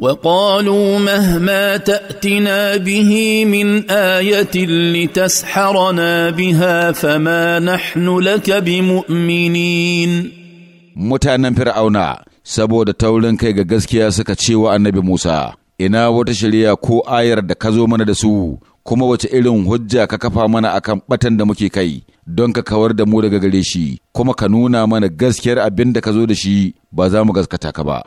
وقالوا مهما تاتنا به من ايه لتسحرنا بها فما نحن لك بمؤمنين mutanen fir'auna saboda taurin kai ga gaskiya suka ce wa annabi musa ina wata shari'a ko ayar da ka zo mana da su kuma wace irin hujja ka kafa mana akan batan da muke kai don ka kawar da mu daga gare shi kuma ka nuna mana gaskiyar abin da ka zo da shi ba za mu gaskata ka ba